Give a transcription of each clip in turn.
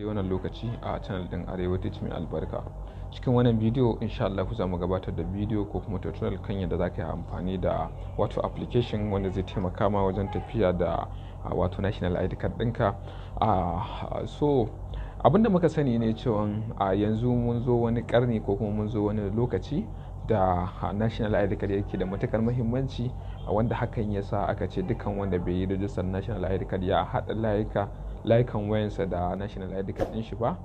daidai wannan lokaci a channel din arewa teach mai albarka cikin wannan bidiyo insha Allah ku mu gabatar da bidiyo ko kuma tutorial kan yadda za ka yi amfani da wato application wanda zai taimaka ma wajen tafiya da wato national id card dinka so abinda muka sani ne cewa a yanzu mun zo wani karni ko kuma mun zo wani lokaci da national id card yake da matukar muhimmanci wanda hakan ya sa aka ce dukkan wanda bai yi rajistar national id card ya haɗa layuka layukan wayansa da national id ɗin shi ba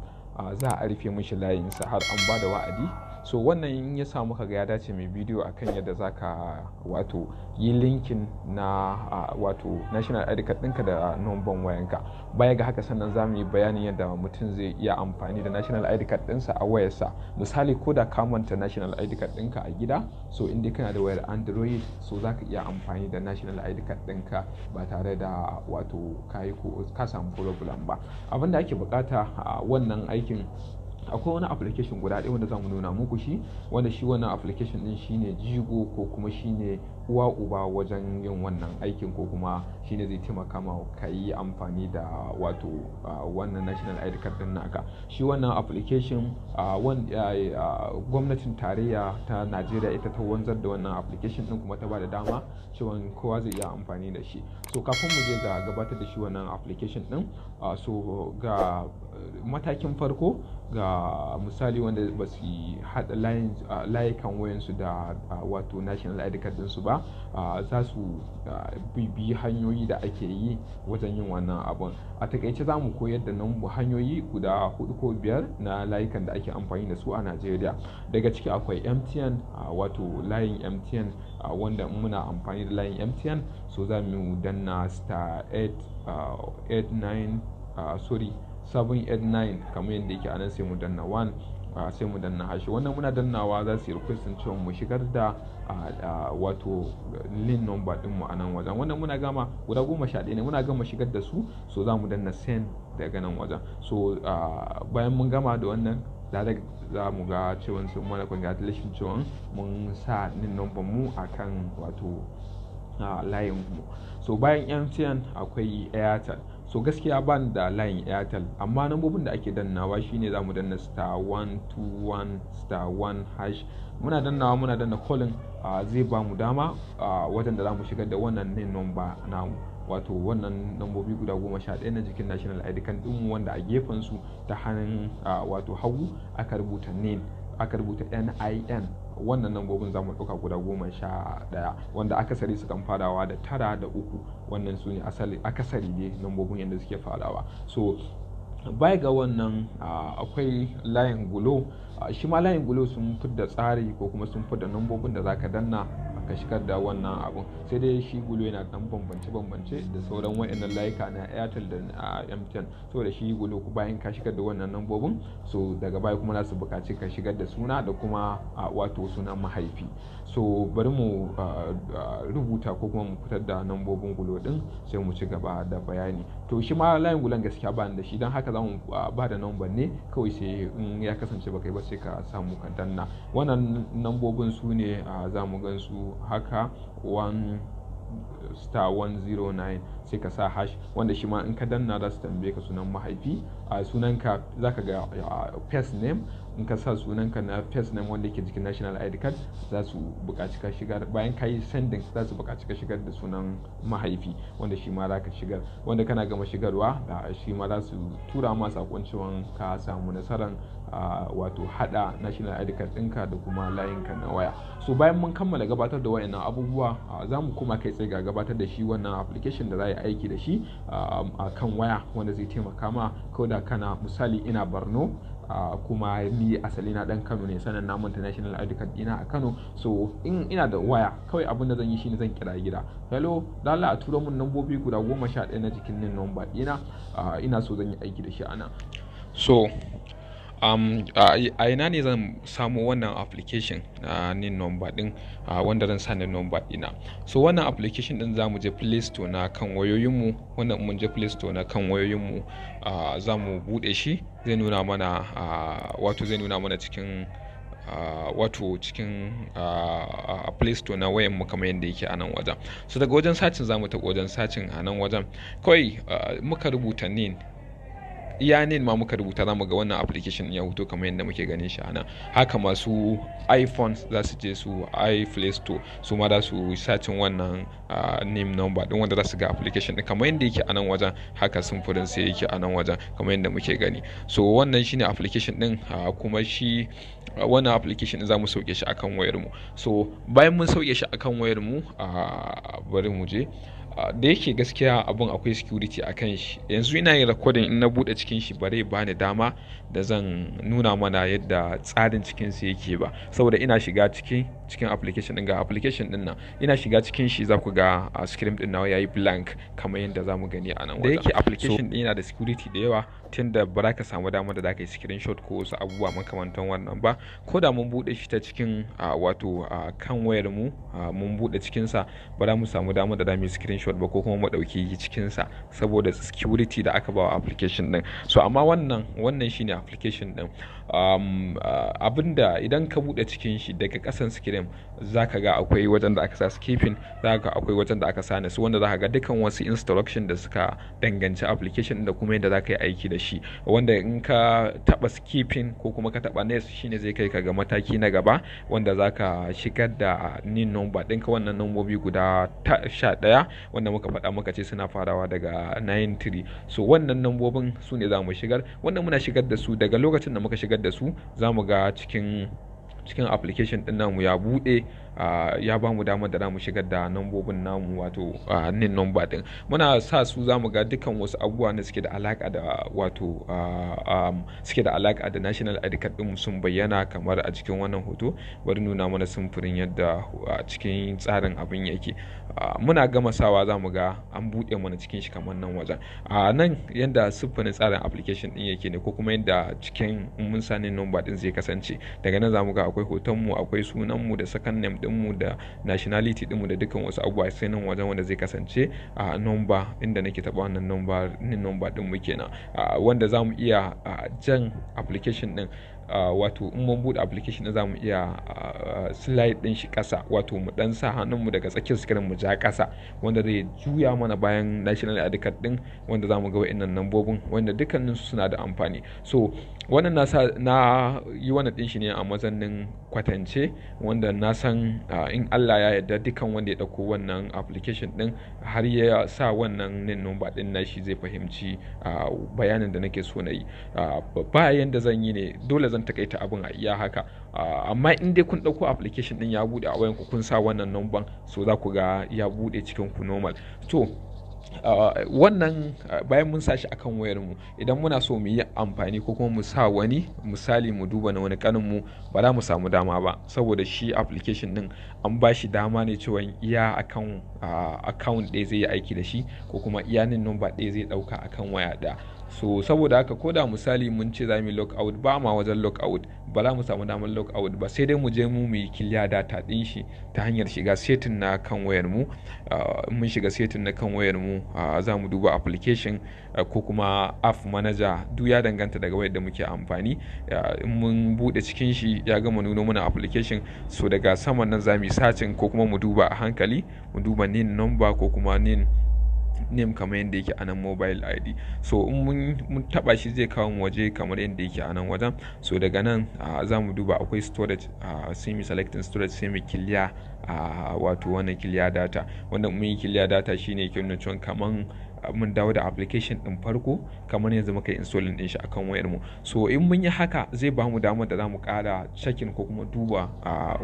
za a rufe mishi layinsa har an ba da wa'adi so wannan in ya samu ga ya dace mai bidiyo akan yadda zaka wato yi linkin na wato national id card ɗinka da numban wayanka baya ga haka sannan za mu yi bayanin yadda mutum zai iya amfani da national id card ɗinsa a wayarsa misali ko da ka manta national id card ɗinka a gida so in inda kana da wayar android so zaka iya amfani da national id card ɗinka ba tare da wato kayi ko ka samu problem ba abinda ake bukata a wannan aikin akwai wani application guda ɗaya wanda zamu nuna muku shi wanda shi wannan application din shine jigo ko kuma shine uwa uba wajen yin wannan aikin ko kuma shine zai taimaka ma ka yi amfani da wato wannan national id card din naka shi wannan application gwamnatin tarayya ta najeriya ita ta wanzar da wannan application din kuma ta ba da dama cewa kowa zai iya amfani da shi so kafin mu je ga gabatar da shi wannan application din so ga matakin farko ga misali wanda ba su haɗa layukan wayansu da wato national id card ɗinsu ba za su bibi hanyoyi da ake yi wajen yin wannan abun a takaice za mu koyar da nan hanyoyi guda hudu ko biyar na layukan da ake amfani da su a najeriya daga ciki akwai mtn wato layin mtn wanda muna amfani da layin mtn so za mu danna star 8 uh, 89 sorry 789 kamar yadda yake a nan sai mu danna 1 sai mu danna hashi wannan muna dannawa za su yi requestin cewa mu shigar da wato lin number din mu a nan wajen wannan muna gama guda goma sha ne muna gama shigar da su so za mu danna send daga nan wajen so bayan mun gama da wannan direct za mu ga cewa sun mana congratulation cewa mun sa lin number mu akan wato layin mu so bayan mtn akwai airtel so gaskiya ba da layin airtel amma nambobin da ake dannawa shine za mu danna star 121 star 1 hash muna dannawa muna danna calling zai ba mu dama wajen da za mu shigar da wannan ne number namu wato wannan lambobi guda goma sha ɗaya na jikin national id kan ɗinmu wanda a gefen su ta hannun wato hagu aka rubuta nin aka rubuta nin wannan lambobin za mu ɗauka guda goma sha ɗaya wanda akasari sukan fadawa da tara da uku wannan su ne akasari ne gobin yadda suke fadawa so baya ga wannan akwai layin gulo shi ma layin gulo sun fi da tsari ko kuma sun da nambobin da zaka danna ka shigar da wannan abun sai dai shi gulo yana dan bambance bambance da sauran wa'annan layuka na airtel da mtn da shi gulo bayan ka shigar da wannan lambobin so daga baya kuma za su buƙaci ka shigar da suna da kuma wato sunan mahaifi so bari mu rubuta ko kuma mu fitar da nambobin gulo din sai mu ci gaba da bayani to shi ma layin gulan gaskiya ba da shi don haka za mu ba da namban ne kawai sai in ya kasance ba kai ba sai ka samu kantanna wannan nambobin su ne za mu gan su haka 1 star 109 sai ka sa hash wanda shi ma in ka danna za su tambaye ka sunan mahaifi a sunanka za ka ga first name in ka sa sunanka na first name wanda ke jikin national id card za su buƙaci ka shigar bayan ka yi sending za su buƙaci ka shigar da sunan mahaifi wanda shi ma za ka shigar wanda kana gama shigarwa shi ma za su tura ma sakon cewa ka samu nasarar wato hada national id card ɗinka da kuma layinka na waya so bayan mun kammala gabatar da wayannan abubuwa za mu kuma kai tsaye ga gabatar da shi wannan application da za yi aiki da shi um, a kan waya wanda zai taimaka ma ko da kana misali ina barno Uh, kuma ni asali na dan Kano ne sanan namun international ID dina a Kano so in ina da waya kawai abin da zan yi shine zan kira gida hello lalla a turo mun nambobi guda goma sha ɗaya na jikin nin nomba dina ina so zan yi aiki da shi ana so um, a ina ne zan samu wannan application uh, ni number din uh, wanda zan sani number dina so wannan application din zamu je play store na kan wayoyinmu wannan mun je play store na kan wayoyinmu uh, za bude shi zai nuna mana uh, wato zai nuna mana cikin Uh, wato cikin uh, play store na wayan mu kamar yadda yake a nan wajen so daga wajen sacin zamu ta wajen sacin a nan wajen kawai uh, muka rubuta nin iya ne ma muka rubuta za mu ga wannan application ya hoto kamar yadda muke ganin shi anan haka masu iphone za su je su iplay store su ma za su sacin wannan name number din wanda za su ga application din kamar yadda yake anan wajen haka sun sai yake anan wajen kamar yadda muke gani so wannan shine application din kuma shi wannan application din za mu sauke shi akan wayar mu so bayan mun sauke shi akan wayar mu bari mu je da yake gaskiya abun akwai security a kan shi yanzu ina yin recording in na bude cikin shi bare ba ni dama da zan nuna mana yadda tsarin cikin yake ba saboda ina shiga cikin cikin application din ga application din nan ina shiga cikin shi za ku ga a screen din nawa yayi blank kamar yadda za mu gani a nan wajen da yake application din yana da security da yawa tunda ba za ka samu damar da za ka yi screenshot ko wasu abubuwa makamantan wannan ba ko da mun bude shi ta cikin wato kan wayar mu mun bude cikin sa ba za mu samu damar da za mu yi screenshot ba ko kuma mu ɗauki cikin sa saboda security da aka ba wa application din so amma wannan wannan shine application din abinda idan ka bude cikin shi daga kasan screen irin za ka ga akwai wajen da aka sa skipping za ka akwai wajen da aka sa su wanda za ka ga dukkan wasu instruction da suka danganci application da kuma yadda za ka yi aiki da shi wanda in ka taba skipping ko kuma ka taba shi shine zai kai ka ga mataki na gaba wanda za ka shigar da nin number ɗinka wannan nambobi guda sha ɗaya wanda muka faɗa muka ce suna farawa daga 93 so wannan nambobin su ne za mu shigar wannan muna shigar da su daga lokacin da muka shigar da su za mu ga cikin cikin application din namu ya bude ya ba mu damar da mu shigar da nambobin namu wato nin number din muna sa su za mu ga dukkan wasu abubuwa ne suke da alaka da wato suke da alaka da national id card din sun bayyana kamar a cikin wannan hoto bari nuna mana sumfurin yadda cikin tsarin abin yake muna gama sawa za mu ga an bude mana cikin shi kamar nan wajen a nan yadda sumfurin tsarin application din yake ne ko kuma yadda cikin mun nin number din zai kasance daga nan za mu ga akwai hotonmu akwai sunanmu da second name dinmu da nationality dinmu da dukkan wasu abubuwa sai nan wajen wanda zai kasance a number inda nake taba wannan number number din mu kenan wanda zamu iya jan application din wato in mun buɗe application za mu iya slide din shi ƙasa wato mu dan sa hannunmu daga tsakiyar screen mu ja kasa wanda zai juya mana bayan national id card ɗin wanda za mu ga wa'innan nambobin wanda dukkanin su suna da amfani so wannan na sa na yi wannan ɗin shi ne a mazannin kwatance wanda na san in Allah ya yarda dukkan wanda ya dauko wannan application ɗin har ya sa wannan nin number ɗin na shi zai fahimci bayanin da nake so na yi bayan da zan yi ne dole zan takaita abin a iya haka amma in dai kun ɗauko application ɗin ya buɗe a wayanku kun sa wannan numban so za ku ga ya buɗe cikin ku normal to Uh, wannan uh, bayan mun sashi akan wayar mu idan muna so mu yi amfani ko kuma mu sa wani misali mu duba na wani kanin mu ba za mu samu dama ba saboda shi application din an ba shi dama ne cewa iya akan account ɗaya zai yi aiki da shi ko kuma iya nin number ɗaya zai ɗauka akan waya ɗaya so saboda haka koda misali mun ce za mu lock out ba ma wajen lock out ba za mu samu damar lock out ba sai dai mu je mu mu yi kiliya data din shi ta hanyar shiga setting na kan wayar mu ah, mun shiga setting na kan wayar mu ah, za mu duba application ah, ko kuma app manager duk ya danganta daga wayar da muke amfani in mun bude cikin shi ya gama nuno mana application so daga saman nan za mu yi ko kuma mu duba a hankali mu duba nin number ko kuma nin name kamar yadda yake a nan mobile id so in mun taba shi zai kawo mu waje kamar yadda yake a nan wajen so daga nan za mu duba akwai storage sai mu selecting storage sai mu clear wato wannan clear data wanda mun yi clear data shine ke nuna cewa kaman mun dawo da application din farko kamar yanzu muka yi installing din shi akan wayar mu so in mun yi haka zai ba mu damar da zamu kara checking ko kuma duba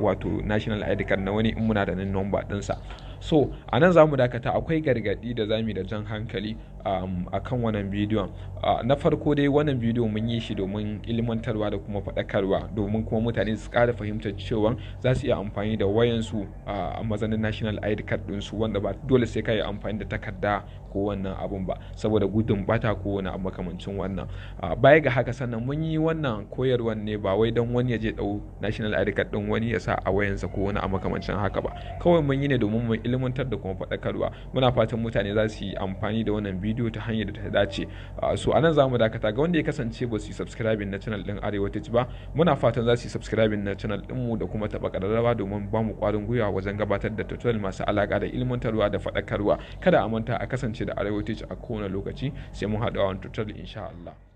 wato national id card na wani in muna da nan number din sa so a nan zamu dakata akwai gargadi da zamu da jan hankali um, a kan wannan bidiyon uh, na farko dai wannan bidiyo mun yi shi domin ilmantarwa da kuma faɗakarwa domin kuma mutane su ƙara fahimtar cewa za su iya amfani da wayansu uh, a mazanin national id card ɗinsu wanda ba dole sai ka yi amfani da takarda ko wannan abun ba saboda gudun bata ko wani abu makamancin wannan uh, baya ga haka sannan mun yi wannan koyarwar ne ba wai don wani ya je dau national id card din wani ya sa a wayansa ko wani abu makamancin haka ba kawai mun yi ne domin mu ilmantar da kuma faɗakarwa muna fatan mutane za su yi amfani da wannan bidiyo bidiyo ta hanyar da ta dace so anan mu dakata ga wanda ya kasance ba su yi subscribe na channel din arewa tech ba muna fatan za su yi subscribe na channel din mu da kuma taba kararrawa domin ba mu kwarin gwiwa wajen gabatar da tutorial masu alaka da ilmantarwa da faɗakarwa kada a manta a kasance da arewa tech a kowane lokaci sai mun a wani tutorial insha Allah